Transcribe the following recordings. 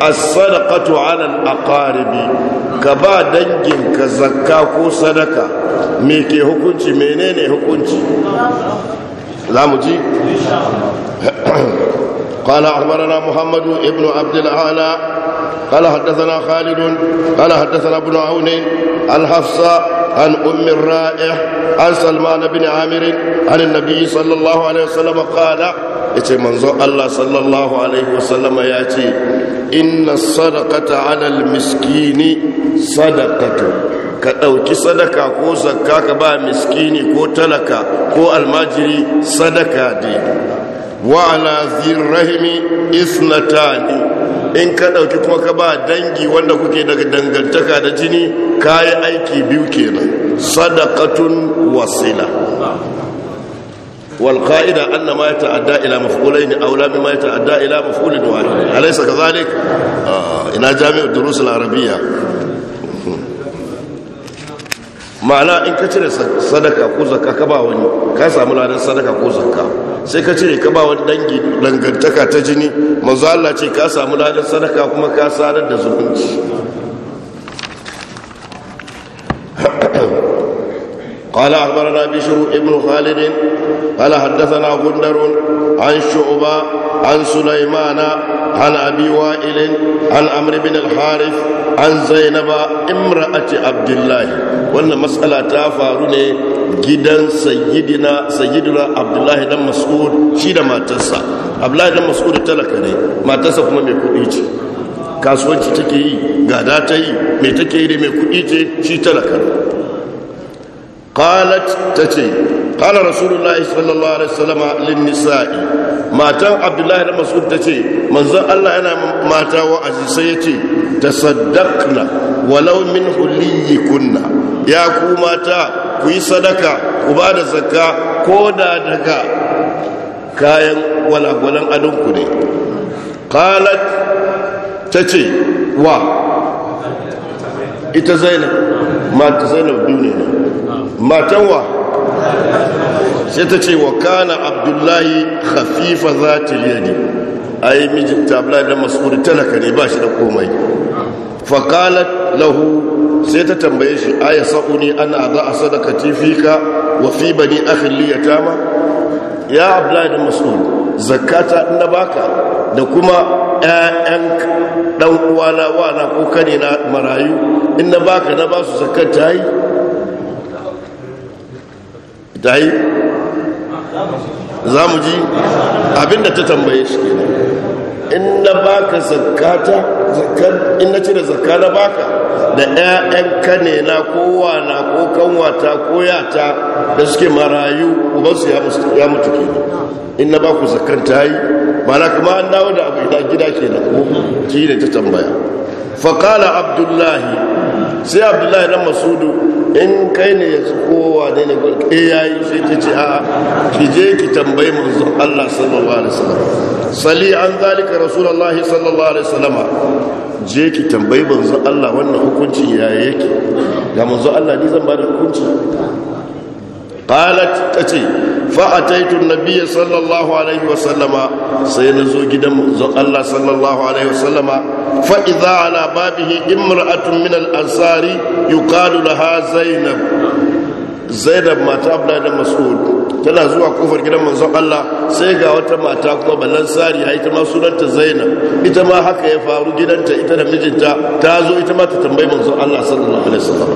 as-sadaqatu 'ala al-aqaribi ka ba dangin ka zakka ko sadaka me ke hukunci menene hukunci zamu ji قال أخبرنا محمد ابن عبد الأعلى قال حدثنا خالد قال حدثنا ابن عون الحفصة عن أم الرائح عن سلمان بن عامر عن النبي صلى الله عليه وسلم قال yace manzon Allah sallallahu alaihi wasallama ya ce inna sadaqata alal miskini sadaqatu ka ɗauki sadaka ko zakka ka ba miskini ko talaka ko almajiri sadaka de wa ala zirrahimi isnatani in ka ɗauki kuma ka ba dangi wanda kuke daga dangantaka da jini kayi aiki biyu kenan sadakatun wasila والقائدة أن ما يتعدى إلى مفعولين أولى مما يتعدى إلى مفعول واحد أليس كذلك؟ آه إلى جامع الدروس العربية ma'ana in ka cire sadaka ko zakka ka ba wani ka samu sai ka cire ka ba wani dangi dangantaka ta jini manzo Allah ce ka samu ladan sadaka kuma ka sadar da zumunci قال أخبرنا بشر ابن خالد قال حدثنا غندر عن شعبة عن سليمان عن أبي وائل عن أمر بن الحارف عن زينب امرأة عبد الله وأن مسألة تافارني جدا سيدنا سيدنا عبد الله بن مسعود شيدا ما تسا عبد الله بن مسعود تلكني ما تنسى كما ميكوئيتي kasuwanci take yi gada ta yi mai take yi da mai kuɗi ce shi talaka قالت تتي قال رسول الله صلى الله عليه وسلم للنساء ما تن عبد الله بن مسعود تتي من زن الله انا ما تا وعزي يتي تصدقنا ولو من حلي كنا يا كو ماتا كوي صدقه وبعد زكاه كودا دكا ولا walagwalan adonku ne قالت تتي wa ita zainab ma ta zainab duniya matanwa sai ta ce wa kana abdullahi khafifa za ta a yi mijin tabla da mas'ud talaka ne ba shi da komai faqalat lahu sai ta tambaye shi aya sa'uni ana za a sadakati fika wa fi bani akhin li ma. ya abdullahi da mas'ud zakata na baka da kuma ƴaƴan ɗan uwana wana ko kane na marayu in na baka na ba su zakata yi ta yi za mu ji abinda ta tambaye shi ke in baka zakata in na cire zakka na baka da 'ya'yanka ne na kowa na ko kanwata ko yata da suke marayu ubansu ya mutu kenan in na baku zakkan ta yi na kuma an dawo da abu idan gida kenan ko ji ne ta tambaya faƙala abdullahi sai abdullahi na masudu in kai ne ya ci kowa ne ne ke ya yi shi ki ci a ki je ki tambayi mazu Allah sallallahu alaihi wasallam sali an zalika rasulullahi sallallahu alaihi wasallam je ki tambayi mazu Allah wannan hukunci ya yake ga mazu Allah ni zan ba da hukunci قالت تتي فأتيت النبي صلى الله عليه وسلم سينزو جدا الله صلى الله عليه وسلم فإذا على بابه امرأة من الأنصار يقال da زينب zainab Zainab mata abdullahi mas'ud tana zuwa kofar gidan manzon Allah sai ga wata mata kuma ballan sari ya ita ma sunanta zainab ita ma haka ya faru gidanta ita da mijinta ta zo ita ma ta tambayi manzon Allah sallallahu alaihi wasallam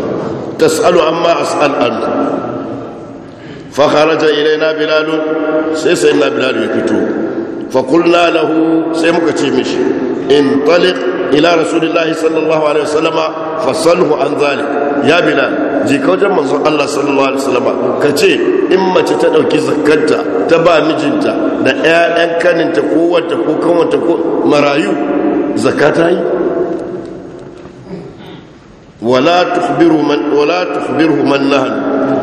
tas'alu amma as'al anhu فخرج إلينا ya fito بلال يكتو sai muka سيمكتي mishi. In إلى ila الله sallallahu alaihi عليه وسلم فصله عن ذلك يا بلال je kawajen manzon Allah sallallahu alaihi wasallam ka ce in mace ta dauki zakkanta ta ba mijinta da ƴaƴan kaninta ko wata ko kanwata ko marayu zakata yi wala tukhbiru man wala tukhbiru man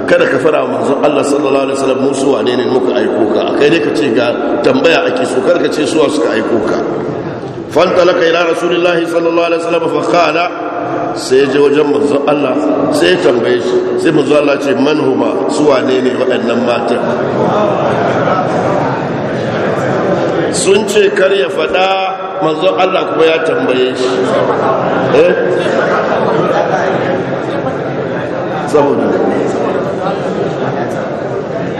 kada ka fara wa manzon Allah sallallahu alaihi wasallam musu wane ne muka aiko ka kai ne ka ce ga tambaya ake so kar ka ce suwa suka aiko ka fantalaka ila rasulillahi sallallahu alaihi wasallam fa qala sai je wajen manzon Allah sai tambaye shi sai manzon Allah ce man huma su wane ne waɗannan matan sun ce kar ya faɗa manzon Allah kuma ya tambaye shi eh saboda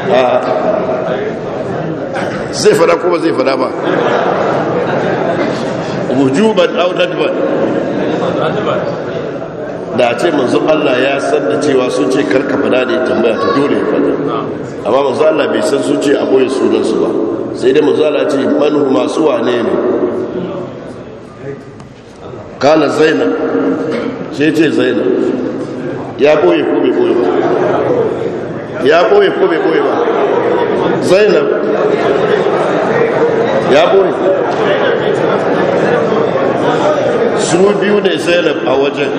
Ah. zai fada ko ba zai fada ba wujuban au nadban da ce manzo Allah ya san da cewa sun ce karka fada ne tambaya ta dole ya fada amma manzo Allah bai san sun ce a boye sunan su ba sai dai manzo Allah ce manu masu wane ne kala zainab ce ce zainab ya boye ko bai boye ba ya boye ko bai boye ba zainab ya bori su biyu ne zainab a wajen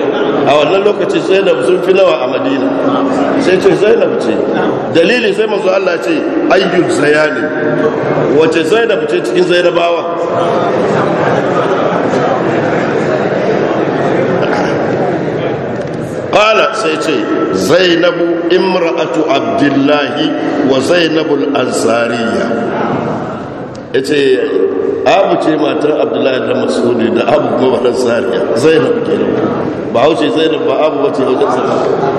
a wannan lokacin zainab sun fi nawa a madina sai ce zainab ce dalilin sai masu allah ce ayyub zayani wace zainab ce cikin zainabawa ƙala sai ce zainabu imra'atu abdullahi wa zainabul ansariya ya ce abu ce matar abdullahi da masudi da abu kuma wadda na zainab ke nan ba zai zainab ba abu wace zai sa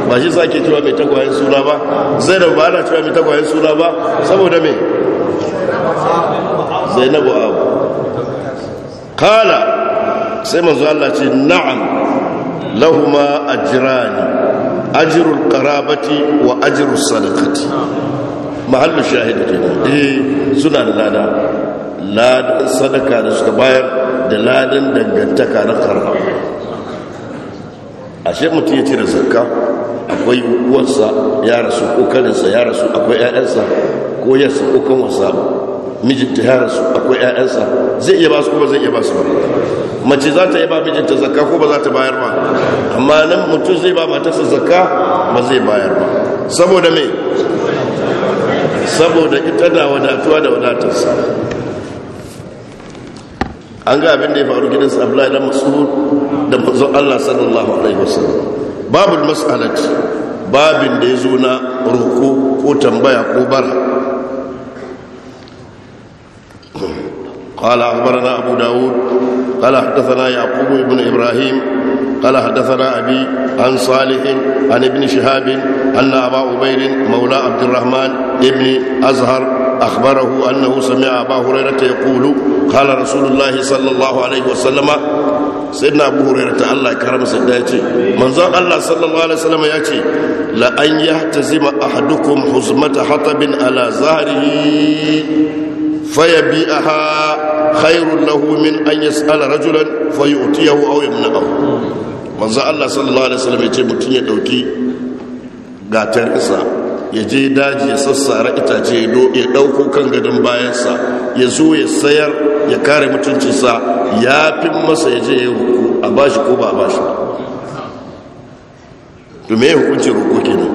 ba shi sake cewa mai tagwayen suna ba zainab ba ana cewa mai tagwayen suna ba saboda mai zainabu abu kala sai manzo Allah ce na'am lahuma ajrani ajirul karabati wa ajirul sadakati mahallin shahidu ke nan eh suna da lada ladan sadaka da suka bayar da ladan dangantaka na a ashe mutum ya cire zakka akwai uwarsa ya rasu ko kaninsa ya rasu akwai 'ya'yansa ko yarsa ko kanwarsa mijinta ya rasu akwai 'ya'yansa zai iya ba su kuma zai iya ba su ba mace za ta iya ba mijinta zakka ko ba za ta bayar ba amma nan mutum zai ba matarsa zakka ba zai bayar ba saboda me saboda ita da wadatuwa da wadatarsa an ga abin da ya faru gidan sabla idan masu da mazo Allah sallallahu alaihi wasallam Babu mas'alati babin da ya zo na roko ko tambaya ko bara قال أخبرنا أبو داود قال حدثنا يعقوب بن إبراهيم قال حدثنا أبي عن صالح عن ابن شهاب أن أبا عبير مولى عبد الرحمن ابن أزهر أخبره أنه سمع أبا هريرة يقول قال رسول الله صلى الله عليه وسلم سيدنا أبو هريرة الله كرم سيداتي من ذا الله صلى الله عليه وسلم يأتي لأن يحتزم أحدكم حزمة حطب على ظهره فيبيعها خير له من أن يسأل رجلا فيؤتيه أو يمنعه manzo Allah sallallahu alaihi wasallam yace mutun ya dauki gatar isa ya je daji ya sassara itace ya dauko kan gadon bayansa ya zo ya sayar ya kare mutuncinsa ya fi masa ya je ya ruku a bashi ko ba a bashi to me hukuncin ruku kenan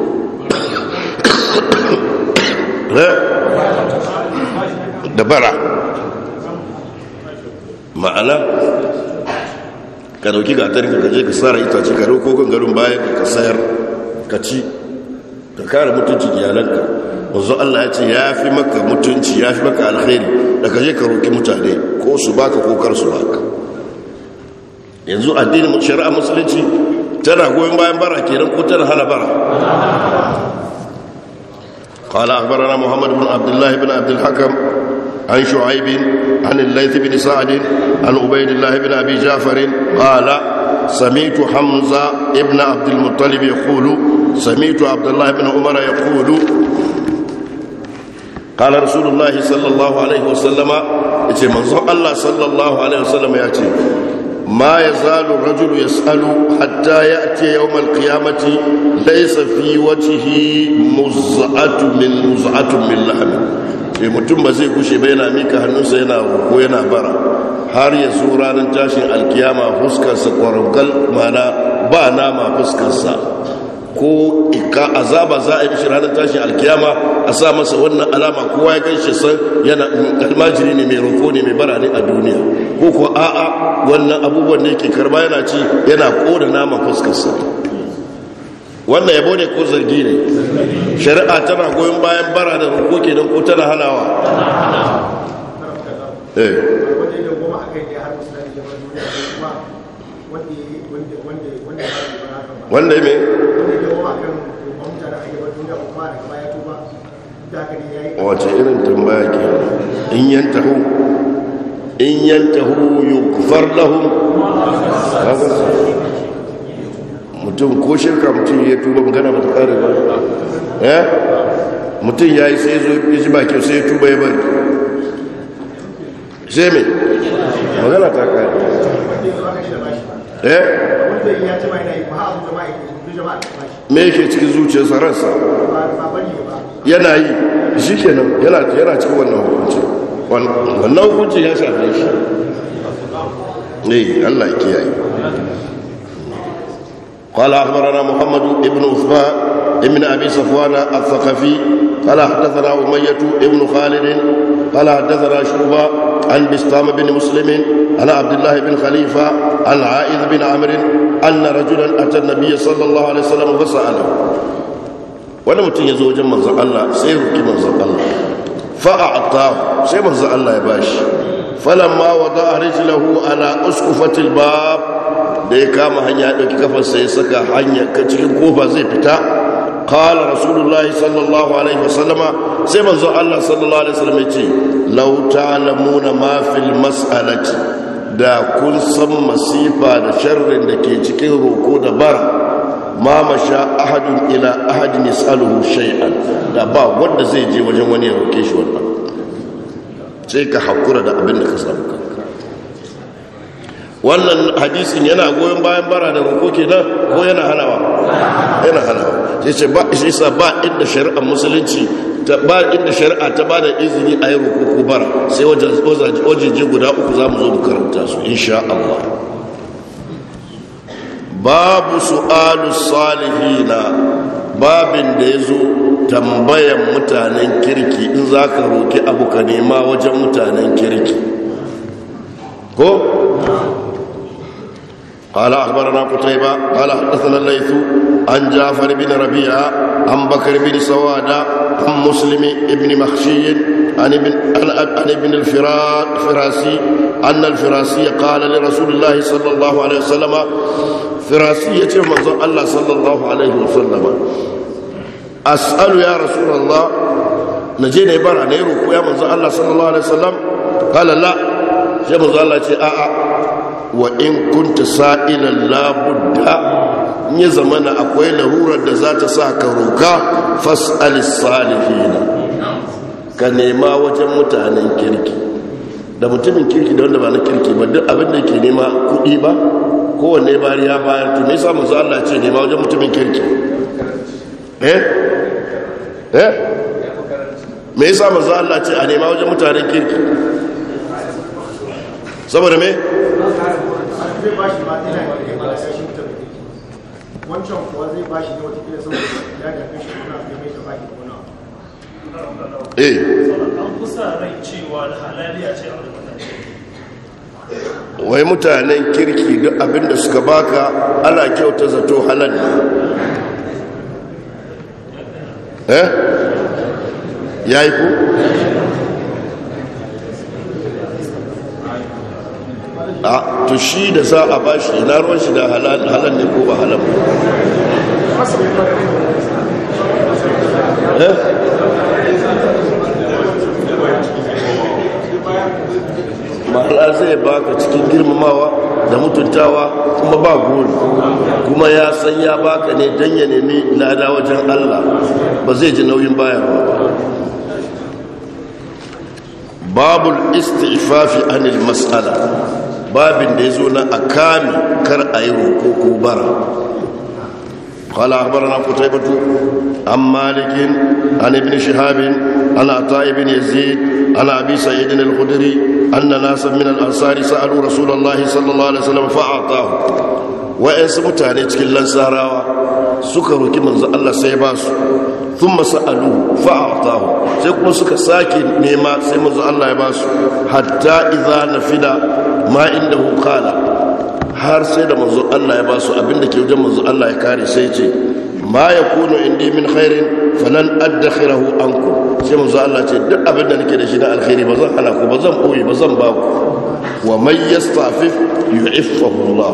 da bara ma'ana ka dauki gatar ka je ka tsara itace ka kan garin baya ka sayar ka ci ka kare mutunci iyalanka wanzu allah ya ce ya fi maka mutunci ya fi maka alheri da ka je ka roki mutane ko su baka ko kar su baka yanzu addinin shari'a musulunci tana goyon bayan bara kenan ko tana hana bara قال أخبرنا محمد بن عبد الله بن عبد الحكم عن شعيب عن الليث بن سعد عن عبيد الله بن أبي جعفر قال سمعت حمزة ابن عبد المطلب يقول سمعت عبد الله بن عمر يقول قال رسول الله صلى الله عليه وسلم يتي منظر الله صلى الله عليه وسلم يأتي ما يزال الرجل يسأل حتى يأتي يوم القيامة ليس في وجهه مزعة من مزعة من لحم sai eh, mutum ba zai kushe ba yana mika hannunsa yana ko yana bara har ya zo ranar tashin alkiyama fuskarsa kwarangal mana ba nama fuskarsa ko ika azaba za a yi mishi ranar tashin alkiyama a sa masa wannan alama kowa ya gan shi san yana almajiri ne mai rufo ne mai bara ne a duniya ko ko a'a wannan abubuwan ne ke karba yana ci yana koda nama fuskarsa wannan yabo ne ko zargi ne shari'a tana goyon bayan bara da ruko ke don ko tana halawa eh. wanda wace irin tambaya ke in in mutum ko shirka mutum ya tuba magana ba ta ƙare ba eh? mutum ya yi sai zo ya ji bakin sai ya tuba ya bari sai mai magana ta ƙare eh me yake cikin zuciyarsa ransa yana yi shi kenan yana cikin wannan hukunci wannan hukunci ya shafe shi ne eh, allah kiyaye قال أخبرنا محمد بن عثمان بن أبي صفوان الثقفي قال حدثنا أمية بن خالد قال حدثنا شعبة عن بسطام بن مسلم عن عبد الله بن خليفة عن عائذ بن عمرو أن رجلا أتى النبي صلى الله عليه وسلم فسأله ولم تنزوج من الله سيرك من الله فأعطاه سي من الله يباش فلما وضع رجله على أسقفة الباب da ya kama hanya ɗauki kafarsa ya saka hanya cikin kofa zai fita kala rasulullahi sallallahu alaihi wasallama sai manzo Allah sallallahu alaihi wasallama ya ce lauta lamuna mafil mas'alati da kun san masifa da sharrin da ke cikin roko da bar ma masha ahadun ila ahadin yasaluhu shay'an da ba wanda zai je wajen wani ya roke shi wannan sai ka hakura da abin da ka samu wannan hadisin yana goyon bayan bara da ke nan ko yana halawa yana halawa shi ce ba shi sa ba inda shari'a musulunci ta ba inda shari'a ta ba da izini a yi roƙo ko bara sai wajen wajeje guda uku za mu zo mu karanta su insha Allah babu su'alu salihina babin da ya zo tambayan mutanen kirki in za ka roƙi abu ka nema wajen mutanen kirki ko قال أخبرنا قتيبة قال حدثنا الليث عن جعفر بن ربيعة عن بكر بن سوادة عن مسلم بن مخشي عن ابن, عن ابن الفراسي أن الفراسي قال لرسول الله صلى الله عليه وسلم فراسية من الله صلى الله عليه وسلم أسأل يا رسول الله نجينا يبرع نيروك يا من الله صلى الله عليه وسلم قال لا يا من الله آآ wa in kunta sa'ilan labudda ya zamana akwai larurar da za ta sa ka roka fas'al na? ka nema wajen mutanen kirki da mutumin kirki da wanda ba na kirki ba duk abin da ke nema kuɗi ba kowane bari ya bayar tu me yasa manzo Allah ce nema wajen mutumin kirki eh eh me yasa manzo Allah ce a nema wajen mutanen kirki saboda me zai Wai ba kirki da da eh. wai mutanen kirki duk abinda suka baka ana kyauta zato halal eh ya yi ku a to shi da za a ba shi, na ruwan shi da halal ne ko ba halal eh? ma'ala zai baka cikin girmamawa da mutuntawa kuma ba gori kuma ya san ya baka ne don ya nemi da wajen allah ba zai ji nauyin ba babul istifafi anil mas'ala babin da ya zo na a kami kar a yi roƙo ko bara kwallon barna ku taibatu an malikin an ibn shihabin an ata ibn yazid an abisa idin al-kudiri an na nasa min al-ansari sa'adu rasulallahi sallallahu alaihi wasallam fa'a ta wa'ansu mutane cikin lansarawa suka roƙi manzu allah sai ba su sun masa'adu fa'a ta sai kuma suka sake nema sai manzu allah ya basu. su hatta iza na ma inda kala har sai da manzo Allah ya ba su abinda ke wajen manzo Allah ya kare sai ce ma yakunu indi min khairin falan addakhirahu ankum sai manzo Allah ce duk abinda nake da shi na alkhairi ba zan hana ku ba zan boye ba zan ba ku wa man yastafif yu'iffahu Allah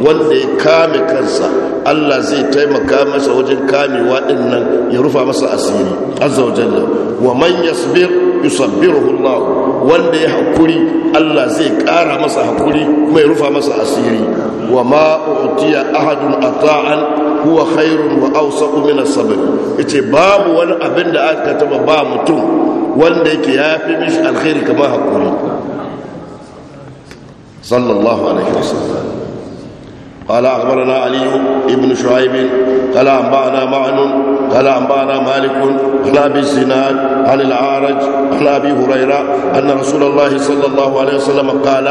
wanda ya kame kansa Allah zai taimaka masa wajen kamewa dinnan ya rufa masa asiri azza wa jalla wa man yasbir yusabbiruhu Allah wanda ya hakuri Allah zai kara masa hakuri kuma ya rufa masa asiri wa ma utiya ahadun ata'an huwa khairun wa awsaqu min as-sabr yace babu wani abin da aka taba ba mutum wanda yake yafi mishi alkhairi kamar hakuri sallallahu alaihi wasallam قال أخبرنا علي بن شعيب قال أنبأنا معن قال أنبأنا مالك عن أبي الزناد عن العارج عن أبي هريرة أن رسول الله صلى الله عليه وسلم قال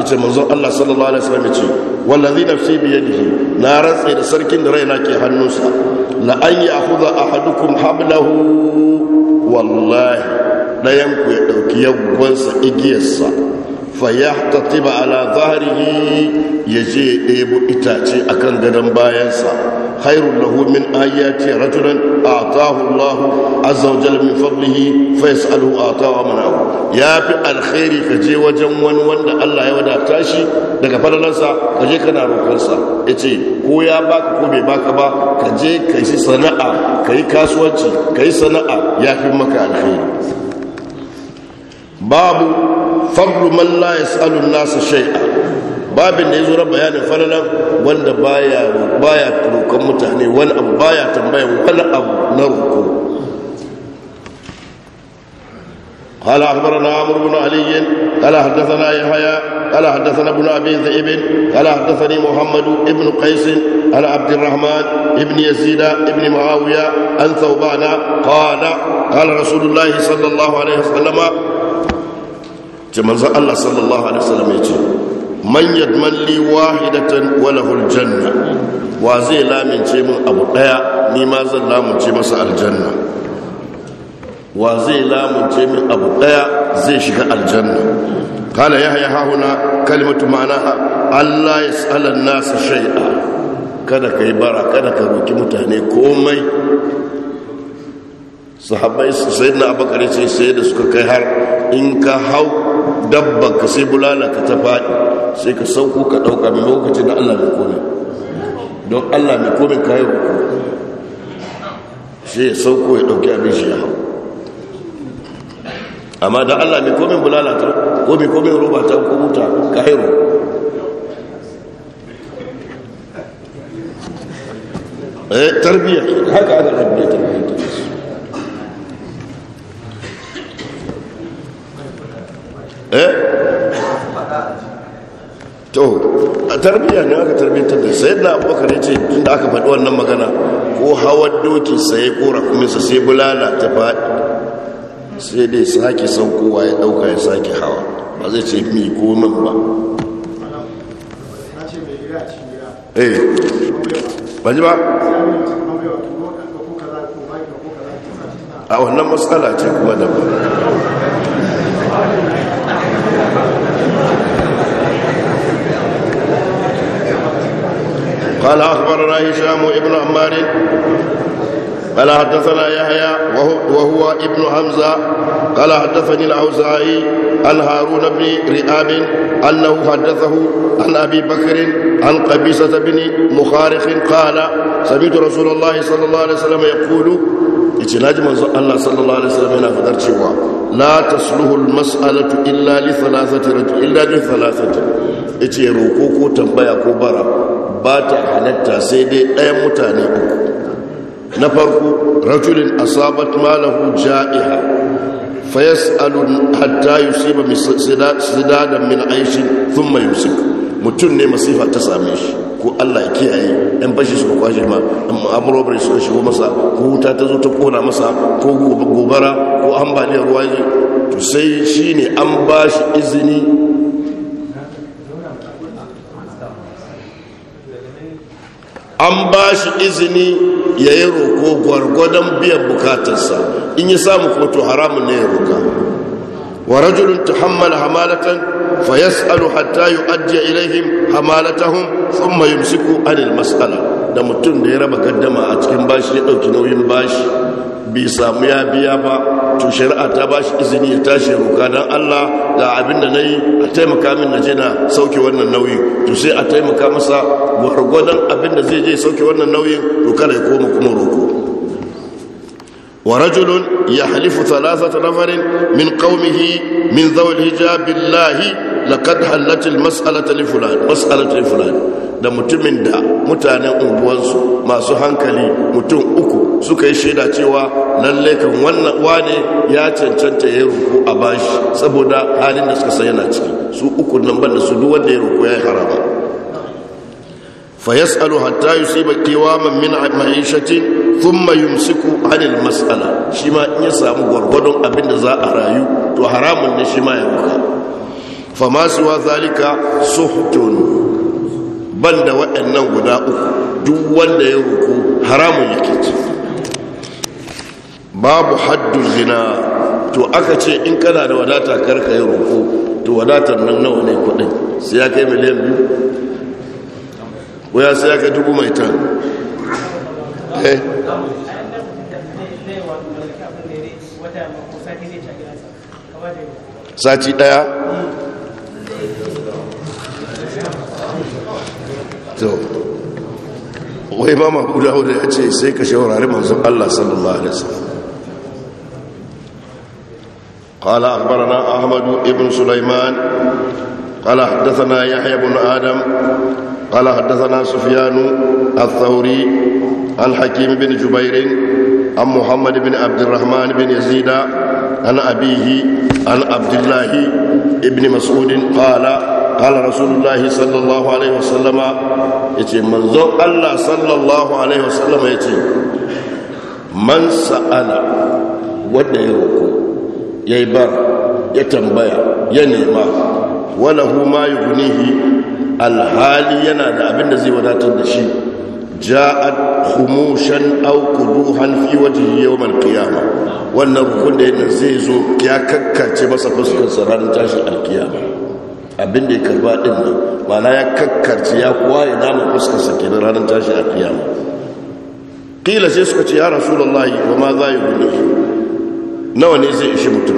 ita manzon Allah sallallahu alaihi wasallam yace wallazi nafsi bi yadihi na rantsa da sarkin da raina ke hannunsa la an ya'khudha ahadukum hablahu wallahi dayan ku ya dauki yaggwansa igiyarsa fayyatattiba ala zahari ya ɗebo itace akan gadon bayansa hairun lahomin ayyati a rajunan a ya fi alkhairi ka je wajen wani wanda allah ya wadata tashi daga falalansa ka je kana rokonsa ya ce ko ya baka ko bai baka ba ka je ka yi sana'a ka yi kasuwanci ka yi sana'a ya fi maka alheri. babu fadlu man la yas'alu an-nas shay'a babin da yazo rabba bayanin falalan wanda baya baya roƙon mutane wani abu baya tambayan wani abu na roƙo قال اخبرنا عمرو بن علي قال حدثنا يحيى قال حدثنا ابن ابي ذئب قال حدثني محمد بن قيس عن عبد الرحمن بن يزيد بن معاويه عن ثوبان قال قال رسول الله صلى الله عليه وسلم ce manzon Allah sallallahu alaihi wasallam ya ce manyan malli li wahidatan wa lahu aljanna wa zai lamince min abu daya ni ma zan lamince masa aljanna wa zai lamince min abu daya zai shiga aljanna kala قال يحيى ها هنا كلمة Allah ya tsala nasa shai'a kada ka yi bara kada ka roki mutane komai sahabai sai na abakar ce sai da suka kai har in ka hau dabban ka sai bulala ka ta faɗi sai ka sauko ka ɗauka mai lokacin da allah mai komai don allah mai komai ka yi ruku sai ya sauko ya ɗauki abin shi ya hau amma da allah mai komai bulala ta ko mai komai roba ta ko ka yi ruku eh, tarbiyyar haka aka tarbiyya tarbiyyar eh a tarbiyya ne aka tarbiyyar da sai da abokan ce inda aka faɗi wannan magana ko hawan doki sai ko su sai bulala ta faɗi sai dai sake saukowa ya ɗauka ya sake hawa ba zai ce mi ko min ba eh, ba ji ba a wannan matsala ce kuma da ba قال أخبرنا هشام ابن عمار قال حدثنا يحيى وهو, وهو ابن حمزة قال حدثني الأوزاعي عن هارون بن رئاب أنه حدثه عن أبي بكر عن قبيسة بن مخارخ قال سمعت رسول الله صلى الله عليه وسلم يقول اتناج الله صلى الله عليه وسلم هنا فدرت لا تصلح المسألة إلا لثلاثة رجل إلا لثلاثة اتي روكوكو تنبيا كبرى ba ta halatta sai dai ɗayan mutane uku na farko rajulin asabat malahu ja'iha fa yas'alu hatta yusiba sidadan min aishin thumma yusik mutum ne masifa ta same shi ko Allah ya kiyaye ɗan bashi suka kwashe ma amurobari suka shigo masa ko wuta ta zo ta kona masa ko gobara ko ambaliyar ruwa to sai shi ne an ba shi izini an ba shi izini ya yi roko gwargwadon biyan bukatarsa in yi samu kuma to haramun ne ya roka wa rajulun tuhammala hamalatan fa tsaro hatta yu'addi ilaihim hamalatahum thumma yumsiku anil mas'ala da mutum da ya raba gaddama a cikin bashi ya ɗauki nauyin bashi bai samu ya biya ba to shari'a ta ba shi izini ya tashi ruka, don allah ga abin da na yi a taimaka min na je na sauke wannan nauyi to sai a taimaka masa gwargwadon abin da zai je sauke wannan nauyin to kada ya koma kuma roko wa rajulun ya halifu thalathata nafarin min qaumihi min zawil hijab billahi laqad halatil mas'alata li da mutumin da mutanen unguwansu masu hankali mutum uku suka yi shaida cewa nan kan wannan wane ya cancanta ya ruku a bashi saboda halin da suka na ciki su uku nan ban da su duk wanda ya ruku ya yi harama fayas alu hatta yusiba qiwaman min ma'ishatin thumma yumsiku halin mas'ala shi ma in ya samu gwargwadon abin da za a rayu to haramun ne shi ma ya fa ma wa zalika suhtun banda waɗannan guda uku duk wanda ya ruku haramun yake ci babu haddun zina to aka ce in kana da wadata karka ya ruku to wadatar nan nawa ne kudin sai ya kai miliyan biyu waya sai ya kai dubu mai tan eh. sati daya wai ba ma wadda ya ce sai ka shawarari manzon Allah sallallahu Alaihi wasallam. ƙala barna ahmadu ibn sulaiman ƙala haddasa yahya ibn adam ƙala haddasa na sufiyanu al-thauri an hakim bin jubairin an muhammad bin abdurrahman bin yazida an abihi an abdullahi ibn mas'udin ƙala قال رسول الله صلى الله عليه وسلم يتي منزو الله صلى الله عليه وسلم يتي من سأل ودى يروكو يبر يتنبيا ينما وله ما يغنيه الحالي ينادى أبن زي وداتن دشي جاءت خموشا أو قدوحا في وجهه يوم القيامة wannan rukun da yana zai zo ya kakkace masa fuskarsa ranar tashin alkiyama abin da ya karba din nan mana ya kakkarci ya kuwa ya dama fuskarsa ke ranar tashi a kiyama kila sai suka ce ya rasulullahi wa ma za yi gudu nawa ne zai ishi mutum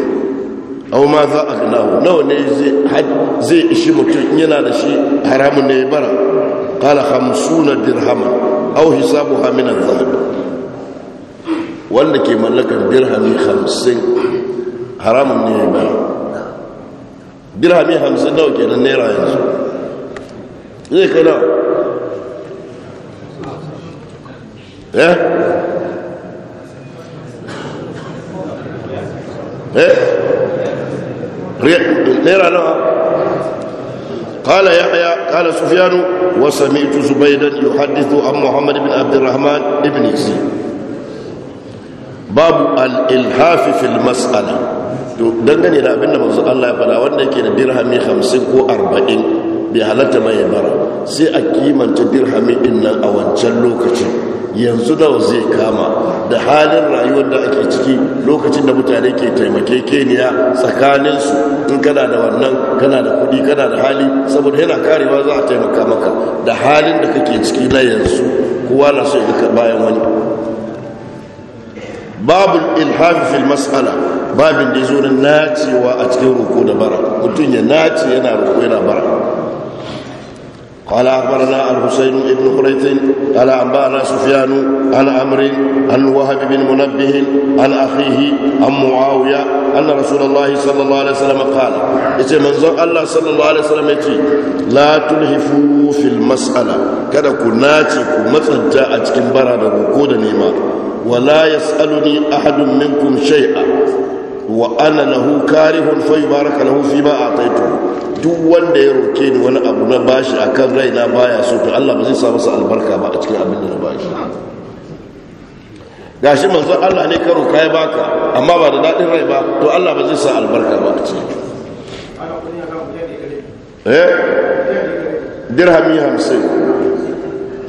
au ma za a ginahu nawa ne zai ishi mutum yana da shi haramun ne bara kala hamsuna dirhama au hisabu haminan zahabi wanda ke mallakar dirhami hamsin haramun ne ya bara dirhami مية خمسة kenan naira yanzu zai kai nawa ها eh naira nawa قال يحيى قال سفيان وسمعت زبيدا يحدث عن محمد بن عبد الرحمن بن يزيد باب الالحاف في المساله dangane da abinda masu Allah ya faɗa wanda yake da dirhami hamsin ko arba'in, bai halatta mai ya bara sai a kimanta dirhami din nan a wancan lokacin yanzu da zai kama da halin rayuwar da ake ciki lokacin da mutane ke taimake keniya tsakaninsu in kana da wannan kana da kuɗi kana da hali saboda yana karewa za a taimaka maka da halin da kake ciki na yanzu kowa na so ya bayan wani babul ilhafi fil mas'ala babin da zo na nacewa a cikin ruku da bara mutum ya nace yana ruku yana bara قال أخبرنا الحسين بن قريت قال أنبأنا سفيان عن عمرو عن وهب بن منبه عن أخيه عن معاوية أن رسول الله صلى الله عليه وسلم قال إذا منظر الله صلى الله عليه وسلم يتي لا تلهفوا في المسألة كذا كناتي كمثل جاءت كنبرا ركودا نيما ولا يسألني أحد منكم شيئا wa ana kari hulfai baraka na hufi ba a taito duk wanda ya roke ni wani abu na bashi a kan raina baya so to Allah ba zai sa masa albarka ba a cikin abin da na bashi shi manzon Allah ne karo kai baka amma ba da dadin rai ba to Allah ba zai sa albarka ba a cikin eh? dirhami hamsin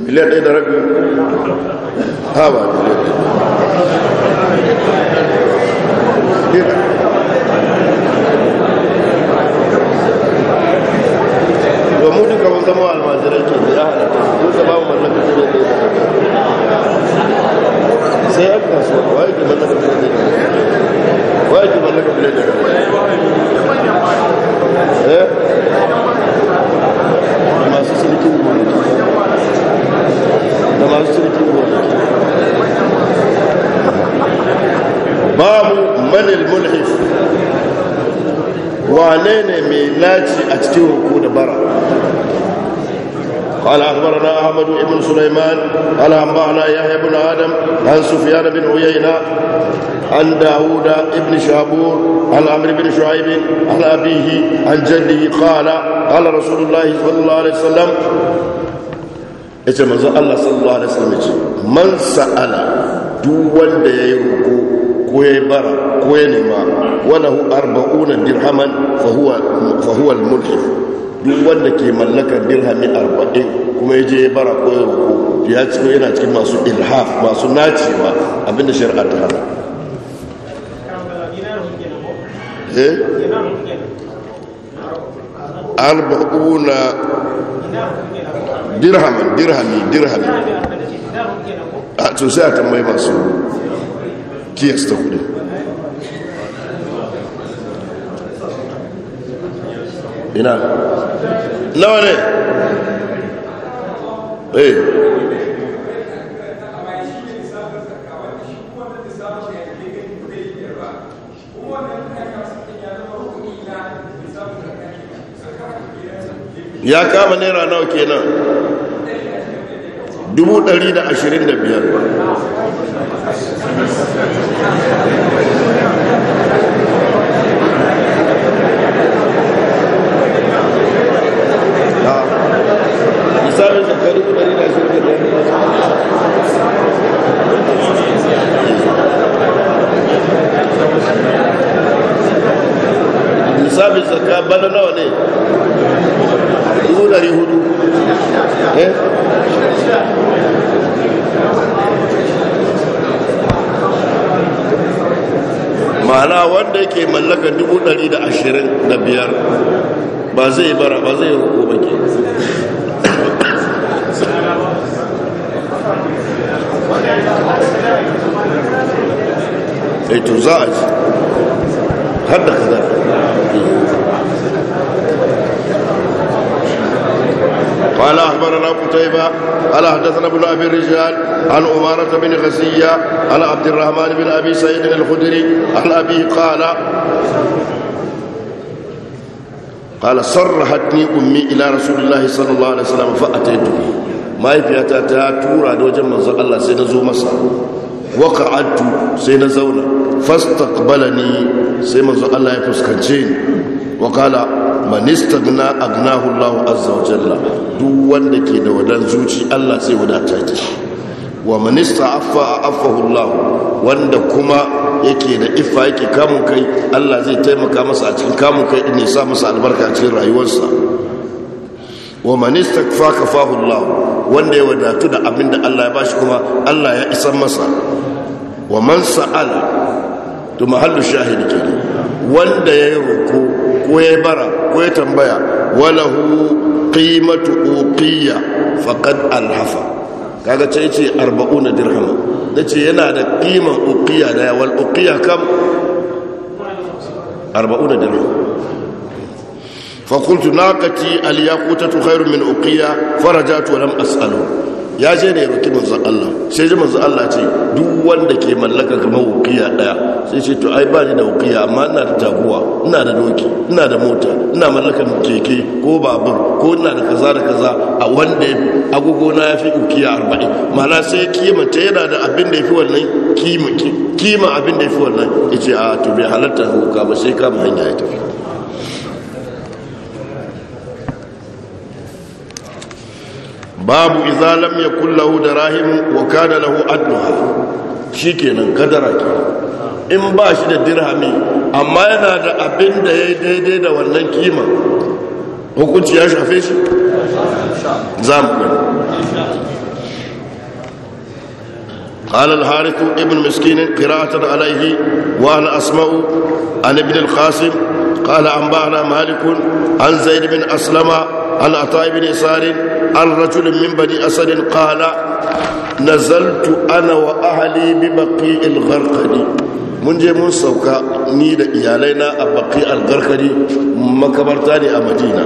miliyan ɗaya da rabi ha ba كثيرا domin duka mun zama almajirai ke da ya halatta duka babu mallaka da ya naci a cikin ruku da bara قال أخبرنا أحمد بن سليمان قال أنبأنا يحيى بن آدم عن سفيان بن عيينة عن داود بن شابور عن عمرو بن شعيب عن أبيه عن جده قال قال رسول الله صلى الله عليه وسلم yace manzo Allah sallallahu alaihi wasallam yace man sa'ala duk wanda yayi ruku ko yayi bara ko ya nema hu arba'una dirhaman fa huwa al-mulhif duk wanda ke mallakar dirhami arba'in kuma ya je ya bara ko ya ya ciko yana cikin masu ilhaf masu nacewa abinda shari'a ta hana eh? arba'una dirhaman dirhami dirhami a tsosai a tambayi masu kiyasta kudin ina nawa ne eh ya kama naira nawa kenan dubu ɗari da ashirin da biyar misali zaka bana nawa ne dubu hudu eh? ma'ana wanda yake mallaka dubu dari da ashirin da biyar ba zai bara ba zai roƙo ba eh to za a ji har da kaza قال أخبرنا قتيبة قال حدثنا ابن أبي الرجال عن أمارة بن غسية عن عبد الرحمن بن أبي سعيد الخدري عن أبي قال قال صرحتني أمي إلى رسول الله صلى الله عليه وسلم فأتيت به ما يفيتها تورا دوجا من الله سيدنا زو مصر waqa'atu sai na zauna fastaqbalani sai manzo Allah ya fuskance ni Wakala, manista man agnahu Allah azza wa jalla duk wanda ke da wadan zuci Allah sai wadata ce. wa man a affahu Allah wanda kuma yake da ifa yake kamun kai Allah zai taimaka masa a cikin kamun kai ne sa masa albarka a cikin rayuwarsa wa manista kafa kafahu Allah wanda ya wadatu da abin da Allah ya bashi kuma Allah ya isan masa wa man sa'ala to mahallu shahid kenan wanda ya yi roko ko ya bara ko ya tambaya walahu qimatu uqiyya faqad alhafa kaga ce ce 40 dirham dace yana da qiman uqiyya da wal uqiyya kam 40 dirham فقلت ناقتي الياقوتة خير min أقية فرجعت ولم as'alu ya je ne roki manzon Allah sai ji manzon Allah ce duk wanda ke mallaka kamar wukiya daya sai ce to ai bani da wukiya amma ina da taguwa ina da doki ina da mota ina mallakan keke ko babur ko ina da kaza da kaza a wanda agogo na yafi wukiya 40 mana sai kima ta yana da abin da yafi wannan kima kima abin da yafi wannan yace a to bai halatta hukka ba sai kama hanya ya tafi babu iza lam yakul da darahim wa kada lahu shi kenan kadara ke in ba shi da dirhami amma yana da abin da ya daidai da wannan kima hukunci ya shafe shi za mu gani قال الحارث ابن مسكين قراءة عليه وأنا أسمع عن ابن القاسم قال أنبأنا مالك عن زيد بن أسلم عن عطاء بن يسار عن رجل من بني أسد قال نزلت أنا وأهلي ببقيع الغرقد mun je mun sauka ni da iyalaina a baki algarkari makabarta ne a madina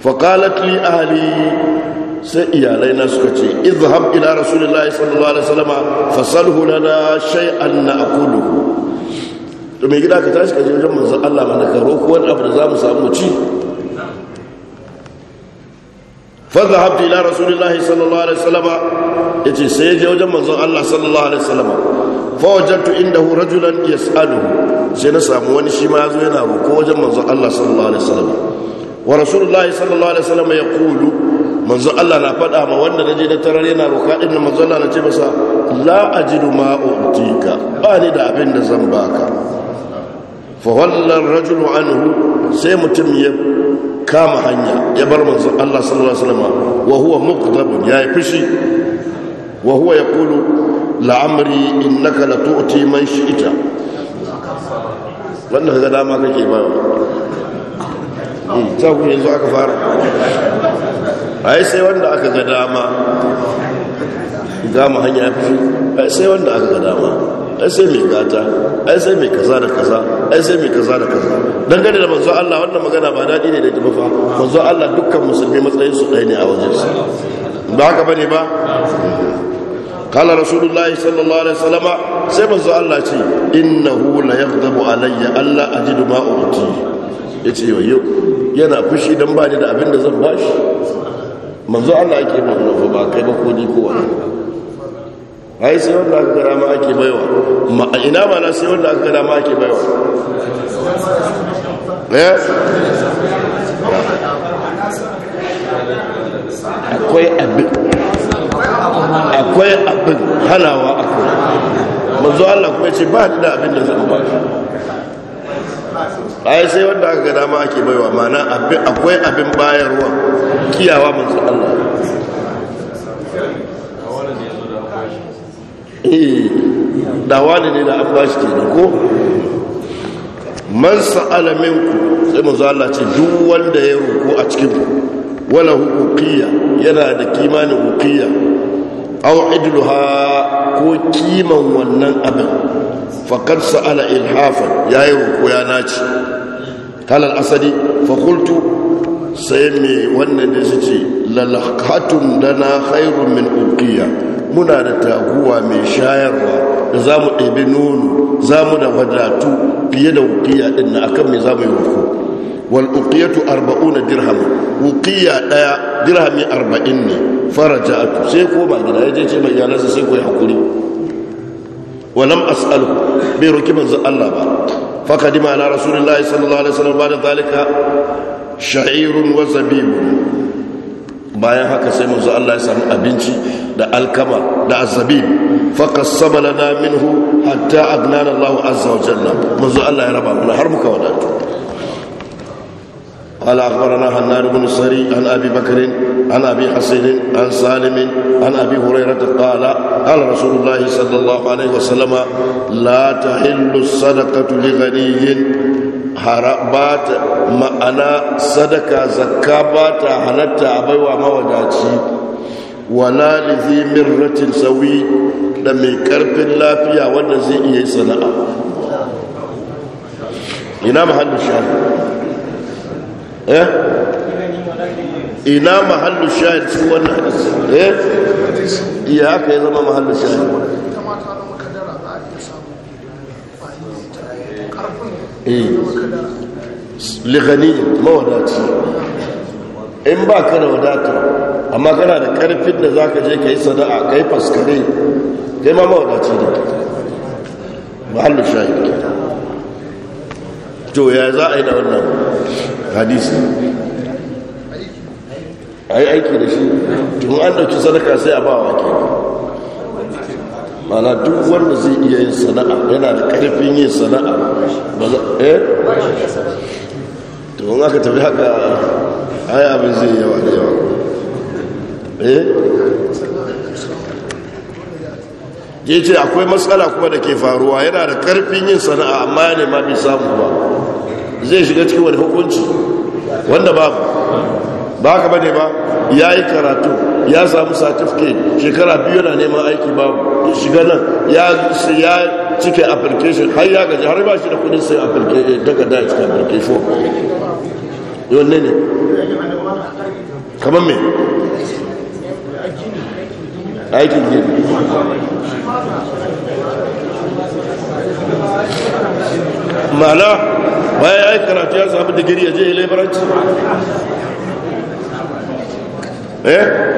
faƙalat li ahali sai iyalai na suka ce izhab ila rasulullahi sallallahu alaihi wasallama fasalhu lana shay'an na'kulu to me gida ka tashi ka je wajen manzon Allah mana ka roko wani abu da za mu samu ci فذهبت الى رسول الله صلى الله عليه وسلم yace sai je wajen manzon Allah sallallahu alaihi wasallam fa wajadtu indahu rajulan yas'aluhu sai na samu wani shi ma yazo yana roko wajen manzon Allah sallallahu alaihi wasallam wa rasulullahi sallallahu alaihi wasallam yaqulu manzo Allah na faɗa ma wanda na je da tarar yana roƙa din manzo Allah na ce masa la ajidu ma utika ba ni da abin da zan baka fa wallan rajulu anhu sai mutum ya kama hanya ya bar manzo Allah sallallahu alaihi wasallam wa huwa muqdab ya yi fishi wa huwa yaqulu la amri innaka la tu'ti man shi'ta wannan ga dama kake ba hmm, ta ku yanzu aka fara ai sai wanda aka ga dama gama hanya fi ai sai wanda aka ga dama ai sai mai gata ai sai mai kaza da kaza ai sai mai kaza da kaza gane da manzo Allah wannan magana ba dadi ne da ta fa manzo Allah dukkan musulmi matsayin su ɗaya ne a wajen sa ba haka bane ba قال رسول الله صلى الله عليه وسلم سيما الله شيء إنه ليغضب علي ألا أجد ما أعطيه ya ce yau yana fushi don ba da abin da zan bashi manzo Allah ake magana fa ba kai ba ko ni ko wani ai sai wanda aka gara ma ake baiwa ma ina ma na sai wanda aka gara ma ake baiwa eh akwai abin akwai abin halawa akwai manzo Allah kuma ce ba da abin da zan ba ai sai wanda aka gara ma ake baiwa mana akwai abin bayarwa kiyawa manzo Allah eh, da wani ne da an ba shi ko man sa'ala minku sai manzo Allah ce duk wanda ya roko a cikin ku wala huquqiyya yana da kimanin huqiyya aw idluha ko kiman wannan abin faqad sa'ala ilhafan yayi roko ya naci kalal asadi fa qultu sai mai wannan da su ce lalakatun dana khairun min ukiya muna da taguwa mai shayarwa da za mu ɗabi nono za mu da wadatu fiye da ukiya ɗin na akan mai za mu yi wako wal ukiyatu arba'una dirham ukiya ɗaya dirhami arba'in ne faraja atu sai ko ba gida ya je ce mai iyalansa sai ko ya hakuri ولم أسأله بيرو كما الله با فقدم على رسول الله صلى الله عليه وسلم da ذلك sha'irun wa bayan haka sai manzo Allah ya samu abinci da alkama da azabib faqassama lana minhu hatta agnana Allah azza wa jalla manzo Allah ya raba mana har muka wadatu قال اخبرنا حنان بن السري عن ابي بكر عن ابي حسين عن سالم عن ابي هريره قال قال رسول الله صلى الله عليه وسلم لا تحل الصدقه لغني ba ta ma'ana sadaka zakka ba ta halatta a baiwa mawadaci wala da zai mirratin sauyi da mai karfin lafiya wanda zai iya yi sana'a ina mahallin shahi eh ina mahallin shahi cikin wannan eh iya haka ya zama mahallin shahi Eh. liganiyin mawadaci in ba ka da wadata amma kana da karfin da za ka je ka yi sada'a ka yi faskare kai ma mawadaci da mahallin shahid ke to ya za a yi da wannan hadisi a yi aiki da shi tun an dauki sadaka sai a ba wa kenan mana duk wanda zai iya yin sana'a yana da karfin yin sana'a ba za eh to in aka tafi haka ai abin zai yawa da yawa eh ya ce akwai matsala kuma da ke faruwa yana da karfin yin sana'a amma ya nema bi samu ba zai shiga cikin wani hukunci wanda ba ba ka ba ne ba ya yi karatu ya samu satifke shekara biyu na neman aiki babu shiga nan ya cike application har ya gaji har ba shi da kudin sai eh, application daga da cike application yawan ne ne kamar mai aikin gini mana bayan ya yi karatu ya samu digiri ya je ya labaranci eh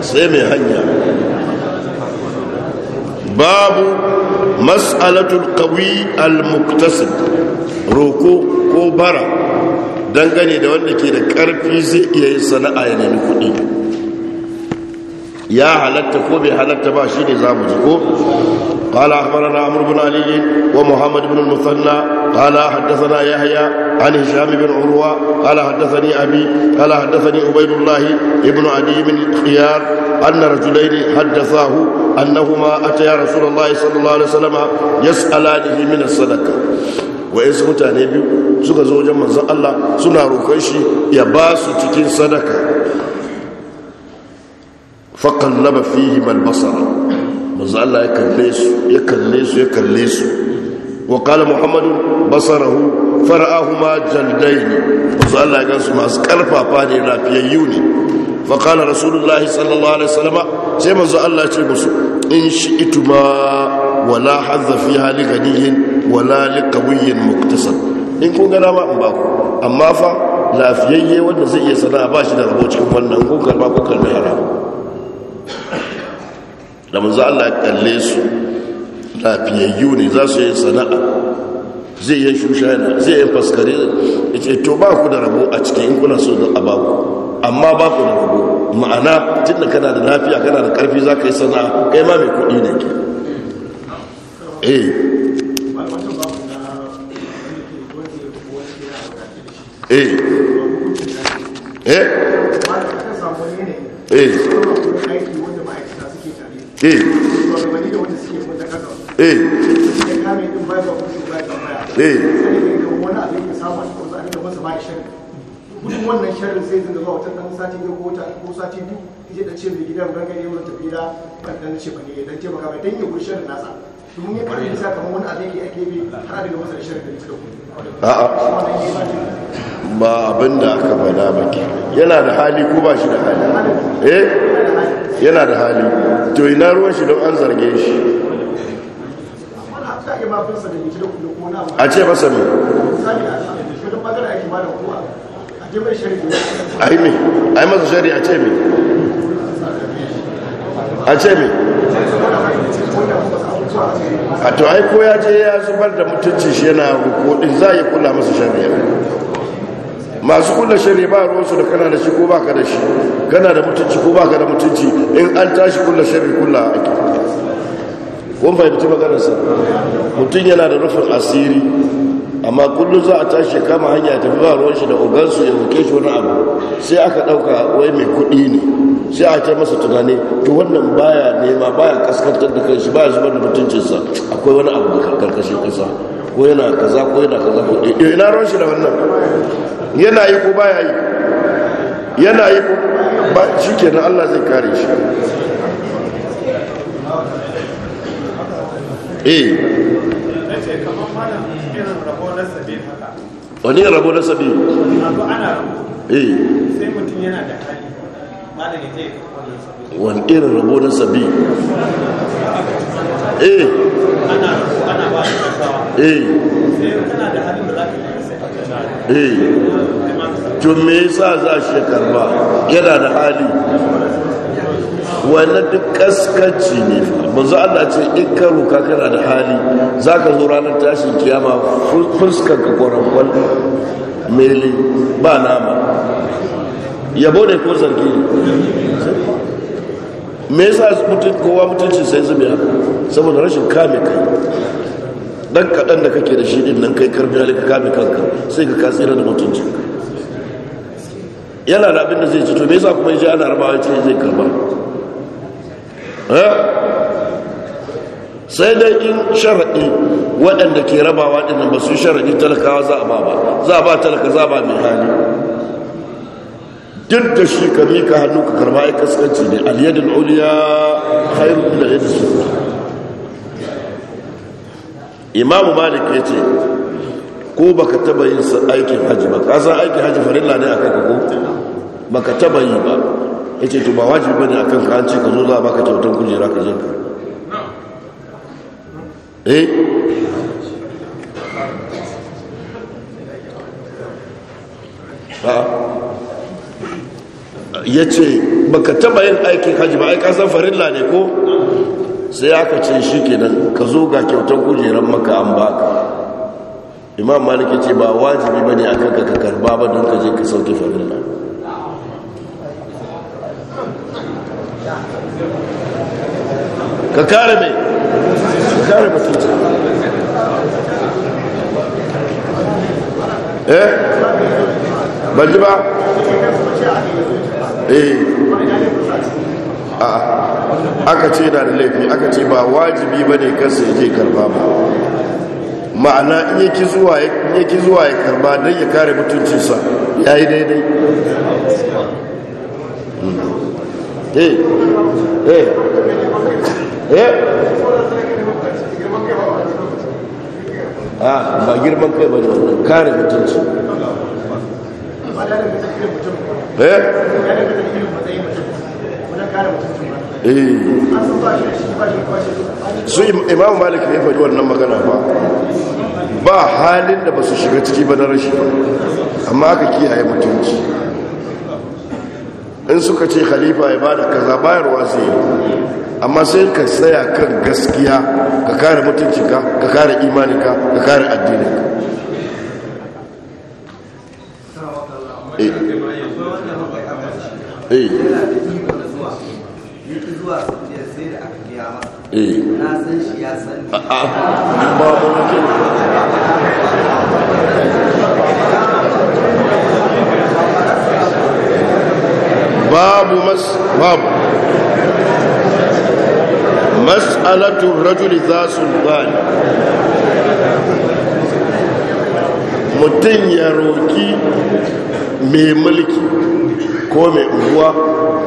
sai mai hanya babu mas'alatul qawi al-muktasib roko ko bara dangane da wanda ke da karfi zai iya yin sana'a ya nemi kuɗi ya halatta ko bai halatta ba shi ne za mu ji ko قال أخبرنا عمرو بن علي ومحمد بن المثنى قال حدثنا يحيى عن هشام بن عروة قال حدثني أبي قال حدثني عبيد الله ابن عدي بن الخيار أن رجلين حدثاه أنهما أتيا رسول الله صلى الله عليه وسلم يسألانه من الصدقة wa'insu mutane biyu suka zo wajen manzan Allah suna roƙon shi ya ba su cikin sadaka faƙallaba fihi malbasara manzo Allah ya kalle su ya kalle su ya kalle su wa qala muhammad basarahu fara'ahuma jaldayn manzo Allah ya gansu masu karfafa ne lafiyayyu ne fa qala rasulullahi sallallahu alaihi wasallam sai manzo Allah ya ce musu in shi shi'tuma wala hadza fiha li ghaniyin wala li qawiyyin muktasab in kun gana ma in ba ku amma fa lafiyayye wanda zai iya sana'a ba shi da rabo cikin wannan kun karba kun karbi haram da manzo Allah ya kalle su fiye ne za su yi sana'a zai yi shushana zai yi faskare ya ce to ba ku da rabo a cikin in kuna so a ba ku amma ba ku da rabo ma'ana tun da kana da lafiya kana da karfi za ka yi sana'a kai ma mai kuɗi ne ke eh eh eh eh eh wannan sharin sai dinga zuwa watan dan sati ko ta ko sati ya ce mai gidan kan ce dan ce dan nasa kamar wani abin ake bi har daga masa da da a'a ba abin da aka faɗa yana da hali ko ba shi da hali eh yana da hali to ina ruwan shi don an zarge shi a ce masa mai ai mai ai masa shari'a ce mai a ce mai a to ai ko ya ce ya zubar da mutunci shi yana hukodin za a yi kula masa shari'a masu kulla shari ba ruwansu da kana da shi ko ba ka da shi kana da mutunci ko ba ka da mutunci in an tashi kulla shari kulla ake kun fahimci maganarsa mutum yana da rufin asiri amma kullum za a tashi kama hanya tafi ba ruwan shi da ogansu ya huke shi wani abu sai aka ɗauka wai mai kuɗi ne sai a ta masa tunani to wannan baya nema baya kaskantar da kanshi baya zubar da mutuncinsa akwai wani abu da karkashin ƙasa ko yana kaza ko yana kaza ko ina ruwan shi da wannan yana yi ko baya yi yana yi ko ba shi kenan Allah zai kare shi eh wani rabo na sabi eh sai mutum yana da hali malam ya je ya karɓi wani irin rabo na sabi eh eh eh to me yasa za shi karba yana da hali wani duk kaskaci ne manzo Allah ce in ka roka kana da hali zaka zo ranar tashin kiyama fuskar ka kwallo mele ba nama yabo ne ko zargi ne me yasa kowa mutuncin sai zube ya saboda rashin kame kai dan kaɗan da kake da shi din nan kai karfi na ka kame kanka sai ka kasira da mutuncin yana da abin da zai ci to me yasa kuma ji ana rabawa ce zai karba eh? sai dai in sharaɗi waɗanda ke rabawa ɗin nan ba su sharaɗi talakawa za a ba ba za a ba talaka za a ba mai hali duk da shi ka mika hannu ka karba ya kaskanci ne aliyadin uliya khairu da aliyadin su imamu malik ya ce ko ba ka taba yin aikin hajji ba ka san aikin hajji farilla ne akan ko ka taba yi ba ce to ba wajibi bane akan ka an ce ka zo za a baka kyautar kujera ka je ka eh ya ce baka taba yin aikin hajji ba aika san farilla ne ko sai aka ce shi ke nan ka zo ga kyautar kujerar maka an baka imam maliki ce ba wajibi ba ne aka ka karba ba don ka je ka sauke farilla ka kare mai ka kare mutunci eh ba ji ba Eh. aka ce na da laifi aka ce ba wajibi ba ne kansa yake karba ba ma'ana in yake zuwa ya karba don ya kare mutuncinsa ya yi daidai hmm. eh. Eh. Ah, ba girman kai ba ne kare mutunci Eh? Eh. su imamu malik ne faɗi wannan magana ba ba halin da ba su shiga ciki ba na rashi ba amma aka kiyaye mutunci in suka ce khalifa ya ba bada kaza bayarwa sai amma sai ka tsaya kan gaskiya ka kare mutuncika ka kare imanika ka kare addininka Eh. Eh. Eh. Ah, ah. babu mas babu mas'alatu rajuli za su mutum ya roki mai mulki ko mai unguwa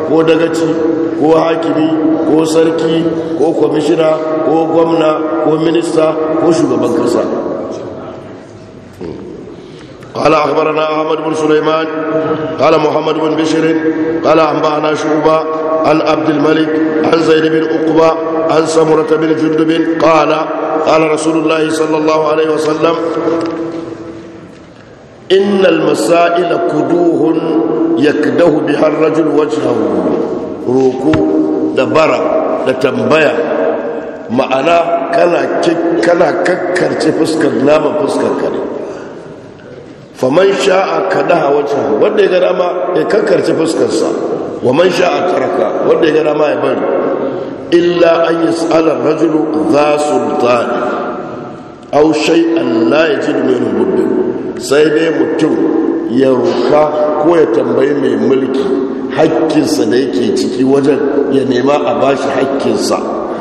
ko dagaci ko hakimi ko sarki ko kwamishina ko gwamna ko minista ko shugaban kasa قال أخبرنا أحمد بن سليمان قال محمد بن بشر قال أنبأنا شعبة عن عبد الملك عن زيد بن عقبة عن سمرة بن جندب قال قال رسول الله صلى الله عليه وسلم innal masa'ila kuduhun yakdahu bihar rajul wajhahu roko da bara da tambaya ma'ana kana kana kakkarce fuskar nama fuskar kare faman sha'a kadaha wajhahu wanda ya gada ma ya kakkarce fuskarsa wa man sha'a taraka wanda ya gada ma ya bari illa an yas'ala ar-rajulu dha sultani aw ya la yajidu minhu sai dai mutum ya roka ko ya tambayi mai mulki hakkinsa da yake ciki wajen ya nema a bashi hakkinsa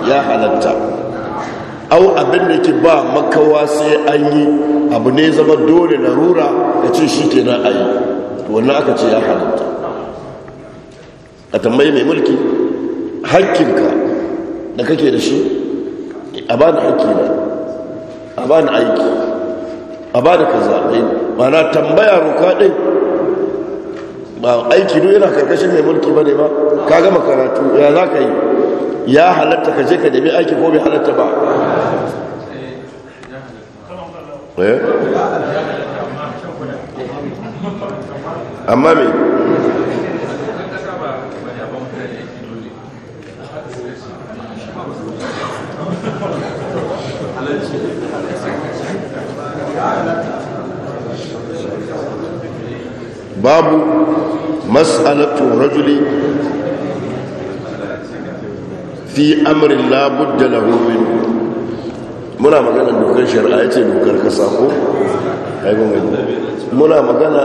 ya halatta au abin da ke ba makawa sai an yi abu ne zama dole na rura ya ce shi ke na ayi wannan aka ce ya halatta a tambayi mai mulki hakkinka da kake da shi a ba na aiki na a ba na aiki a ba da ba na tambaya roka din ba aiki duk yana karkashin mai mulki ba ne ba ka gama karatu ya za ka yi ya halatta ka je ka nemi aiki ko bai halatta ba eh? amma mai babu mas'alatu rajuli fi amrin labudda lahu min muna magana dokar shari'a ce dokar kasa ko haifin wani muna magana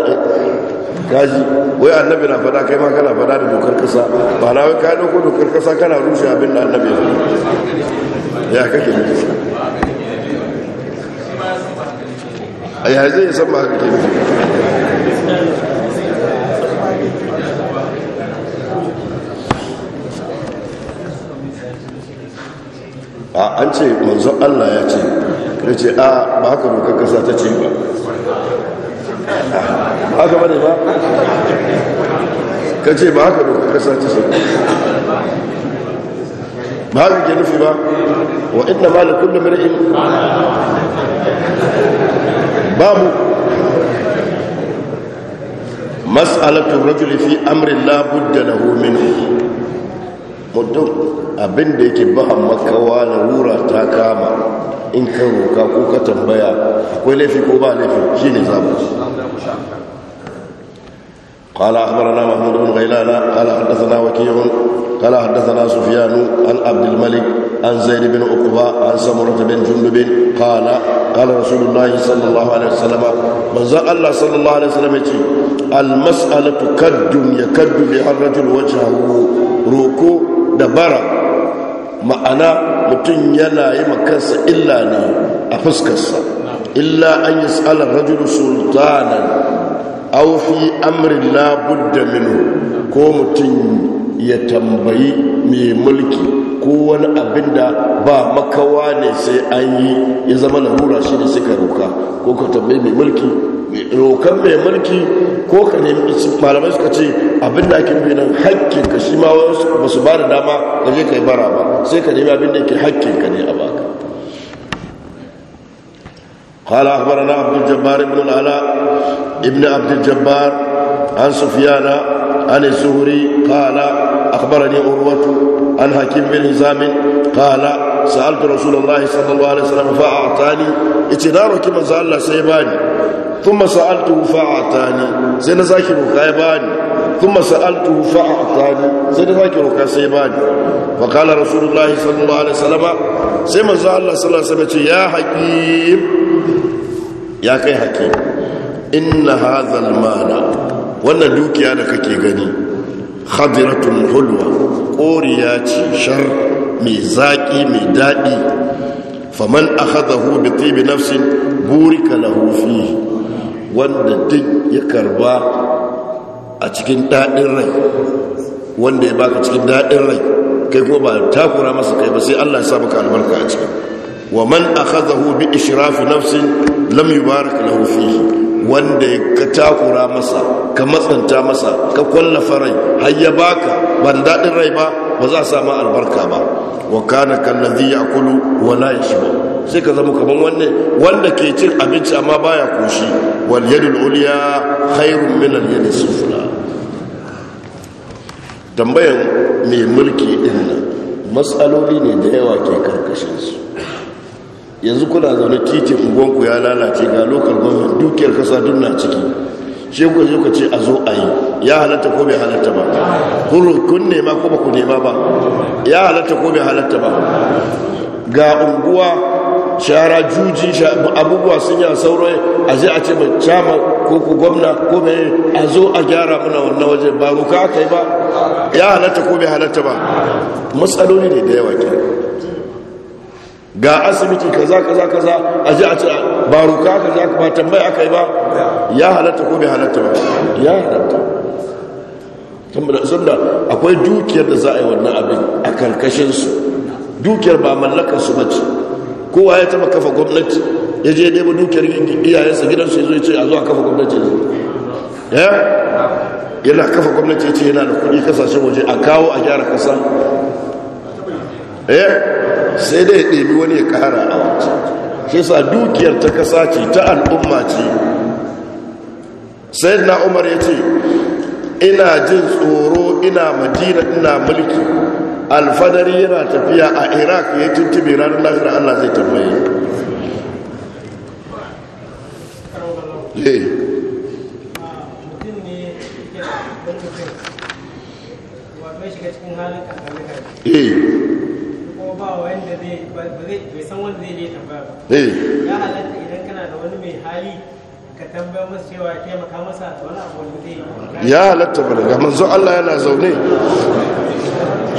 gaji eh, wai annabi na fada kai ma kana fada da dokar kasa ba na wai ka dauko dokar kasa kana rushe abin da annabi ya kake ne kasa a yanzu ya san ba kake ne a an ce manzon Allah ya ce ya ce a ba haka dokar kasa ta ce ba haka bane ba ka ce ba haka dokar kasa ta ce ba haka ke nufi ba wa inna ma lakullum mar'in babu mas'alatu rajuli fi amrin la budda lahu wadda abinda yake bahan makawa na wura ta kama in ka roka ko ka tambaya akwai laifi ko ba laifi shi ne zamus kala akbarana mahmudun gailana kala haddasana wakilun kala haddasana sufiyanu an abdulmalik an zaidu bin ukuba an samurata bin jundubin kala kala rasulullahi sallallahu alaihi wasallama manzan allah sallallahu alaihi wasallama ce almas'alatu kaddun ya kaddu bi harajul wajen roko Dabara, ma'ana mutum yana yi makansa illa ne a fuskarsa illa an yi tsalar rajul sultanan aufi amri amrin da minu ko mutum ya tambayi mai mulki ko wani abin da ba makawa ne sai an yi ya zama larura shi ne suka roka ko ka tambayi mai mulki rokon mai mulki ko ka nemi malamai suka ce abin da ake bi nan hakkin ka shi wasu ba su da dama da zai kai bara ba sai ka nemi abin da ke hakkin ka ne a baka kala akbar na abdul jabbar ibn ala ibn abdul an sufiyana an zuhuri kala akbar ne urwatu an hakim bin zamin kala sa'altu rasulullahi sallallahu alaihi wasallam fa a'tani ice na roki manzo Allah sai bani tun masu'altu fa’ata ne sai na zaki roƙa ya ba ni tun masu'altu fa’ata ne sai na zaki roƙa sai ba ni wakala rasulullahi sallallahu alaihi salama sai maza Allah sallallahu ce ya haƙi ya kai haƙi ina mana wannan dukiya da kake gani hadiratun hulwa ƙoriya ce shar mai zaƙi mai daɗi faman a hada hu bi tibi nafsin burika lahufi wanda duk ya karba a cikin daɗin rai wanda ya baka cikin daɗin rai kai kuma ba takura masa kai ba sai Allah ya sa maka albarka a cikin wa man akhadahu bi ishrafi nafsin lam yubarak lahu fihi wanda ka takura masa ka matsanta masa ka kwallafa rai har ya baka ban daɗin rai ba ba za a samu albarka ba wa kana kallazi ya'kulu wa yashba sai ka zama kaman wanne wanda ke cin abinci amma baya kushi wal yadul ulya khairun min al yadi sufla tambayan mai mulki din nan matsaloli ne da yawa ke karkashin su yanzu kuna zaune titin unguwanku ya lalace ga lokal gwamnati dukiyar kasa duk na ciki shi ku zo ka ce a zo a yi ya halatta ko bai halatta ba kun nema ko ba ku nema ba ya halatta ko bai halatta ba ga unguwa shara juji abubuwa sun yi a saurayi a je a ce mai cama ko ku gwamna ko mai a zo a gyara muna wannan waje ba ruka aka yi ba ya halatta ko bai halatta ba matsaloli ne da yawa ke ga asibiti kaza kaza kaza a je a ce ba ruka kaza ba tambaya aka yi ba ya halatta ko bai halatta ba ya halatta da akwai dukiyar da za a yi wannan abin a karkashinsu dukiyar ba mallakarsu ba ce kowa ya taba kafa gwamnati ya je nemi dukiyar iyayensa gidansu ya zo ya ce a zuwa kafa gwamnati ya yana kafa gwamnati ya ce yana da kuɗi kasashen waje a kawo a gyara kasa ya sai dai ya ɗebi wani ya ƙara a wancan shi sa dukiyar ta kasa ce ta al'umma ce sai na umar ya ce ina jin tsoro ina madina ina mulki alfadari yana tafiya a iraq ya tuntube ranar lahira allah zai tambaye ya halatta idan kana da wani mai hali ya halatta mana ga manzo Allah yana zaune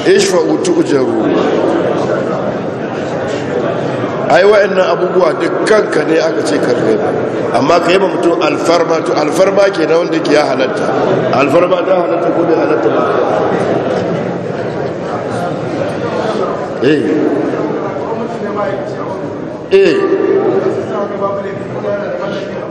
ishfa'u tu'jaru ai wa'annan abubuwa ka ne aka ce karbe amma ka yi ma mutum alfarma to alfarma ke na wanda ke ya halatta alfarma ta halatta ko bai halatta ba eh eh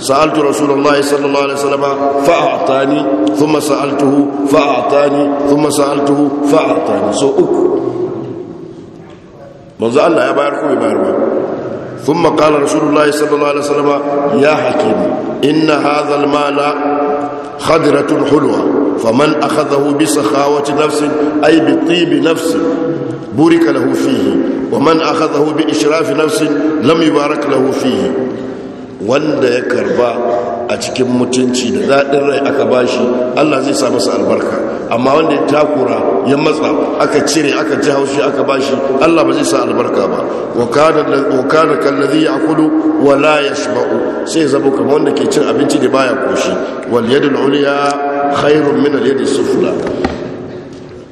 سألت رسول الله صلى الله عليه وسلم فأعطاني ثم سألته فأعطاني ثم سألته فأعطاني سوءك من منذ الله يا باركو ثم قال رسول الله صلى الله عليه وسلم يا حكيم إن هذا المال خدرة حلوة فمن أخذه بسخاوة نفس أي بطيب نفس بورك له فيه ومن أخذه بإشراف نفس لم يبارك له فيه wanda ya karba a cikin mutunci da daɗin rai aka bashi Allah zai sa masa albarka amma wanda ya takura ya matsa aka cire aka ji haushi aka bashi Allah ba zai sa albarka ba wa kallazi ya kudu wa la yashba'u sai zabo kamar wanda ke cin abinci da baya koshi wal yadul uliya khairun min al yadi sufla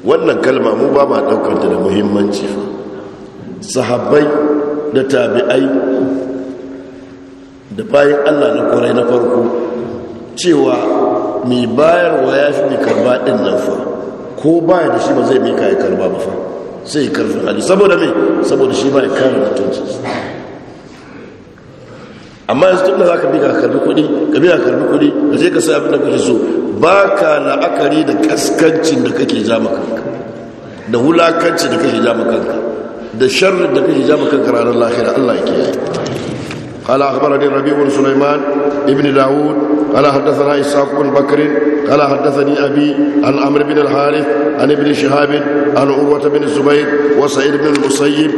wannan kalma mu ba ma daukar da muhimmanci sahabbai da tabi'ai da bayan allah na kwarai na farko cewa mai bayarwa ya fi mai karba ɗin nan fa ko baya da shi ba zai mai kayan karba ba fa sai ya karfin hali saboda mai saboda shi ba ya kare mutunci amma yanzu tun da za ka bi ka karbi kuɗi ka bi ka karbi kuɗi ka je ka sai abin da kake so ba ka la'akari da kaskancin da kake ja kanka da wulakancin da kake ja kanka da sharrin da kake ja kanka ranar lahira allah ya kiyaye قال أخبرني ربيع بن سليمان ابن داود قال حدثنا إسحاق بن بكر قال حدثني أبي عن عمرو بن الحارث عن ابن شهاب عن عروة بن الزبير وسعيد بن المسيب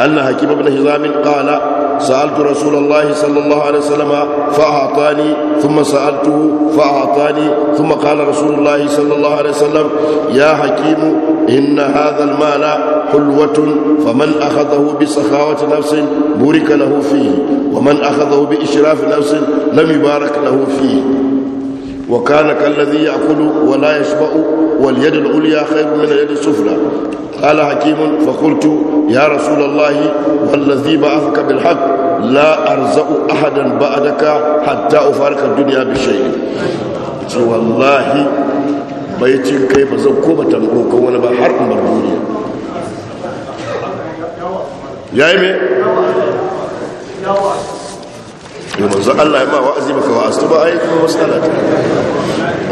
أن حكيم بن هزام قال سألت رسول الله صلى الله عليه وسلم فأعطاني ثم سألته فأعطاني ثم قال رسول الله صلى الله عليه وسلم يا حكيم إن هذا المال حلوة فمن أخذه بسخاوة نفس بورك له فيه ومن أخذه بإشراف نفس لم يبارك له فيه وكان كالذي يأكل ولا يشبع واليد العليا خير من اليد السفلى قال حكيم فقلت يا رسول الله والذي بعثك بالحق لا أرزق أحدا بعدك حتى أفارق الدنيا بشيء والله بيتين كيف زوكوبة تنقوك وانا بحرق مردوني يا إبي يمنزل الله ما وأزيبك وأستبعي كم